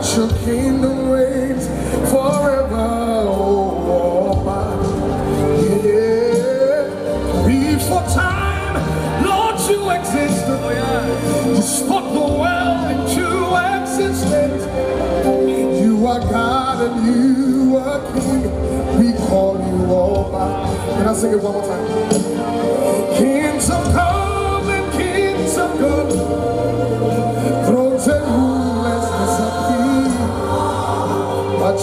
Let your kingdom reigns forever, oh, oh, oh yeah. Before time, Lord, you exist. Oh, yeah. You spoke the world into existence. You are God and you are King. We call you oh my. Can I sing it one more time? Kings of come and kings of good.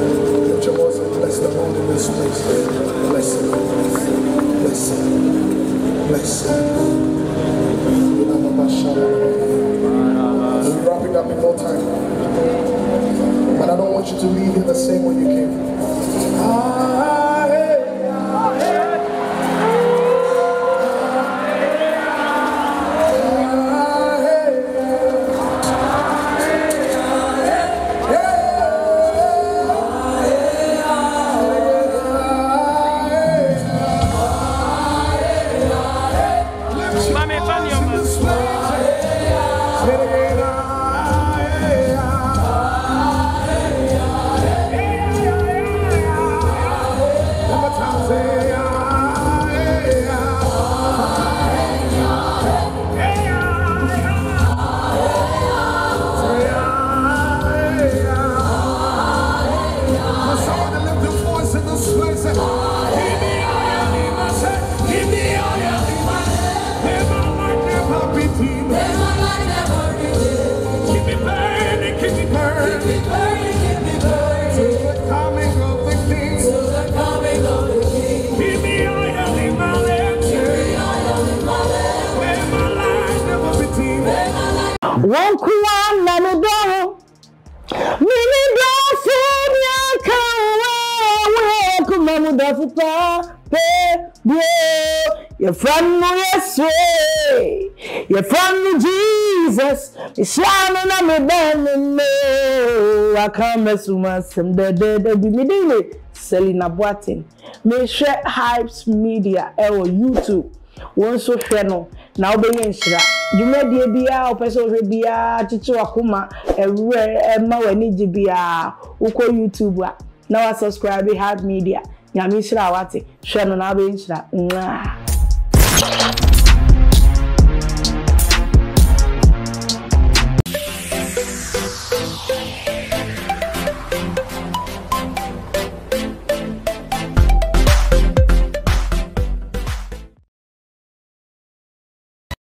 Let your voice and bless the Lord in this place. Bless him. Bless him. Bless him. We'll wrap it up in no time. And I don't want you to leave here the same way you came. wɔn ko ara na me dɔ ho mene dɔfo ne aka wɔ wɔ kuma mu dɔfo paa pɛ buo yɛfra no yesu yɛfra no jesus mehyia no na mebɛn ne me aka mɛsom asɛm dɛdɛdɛ bi mede ne selina Mi mehwɛ hypes media ɛwɔ youtube wɔn nso hwɛ no na wobɛyɛ nhyira dwumadie biara wopɛ sɛ wohwɛ biara kyekye wakoma ɛwerɛ ɛma w'ani gye biara wokɔ youtube a na wasubscribe hard media nyame nhyira a wate hwɛ no na wobɛyɛ nhyira nwaa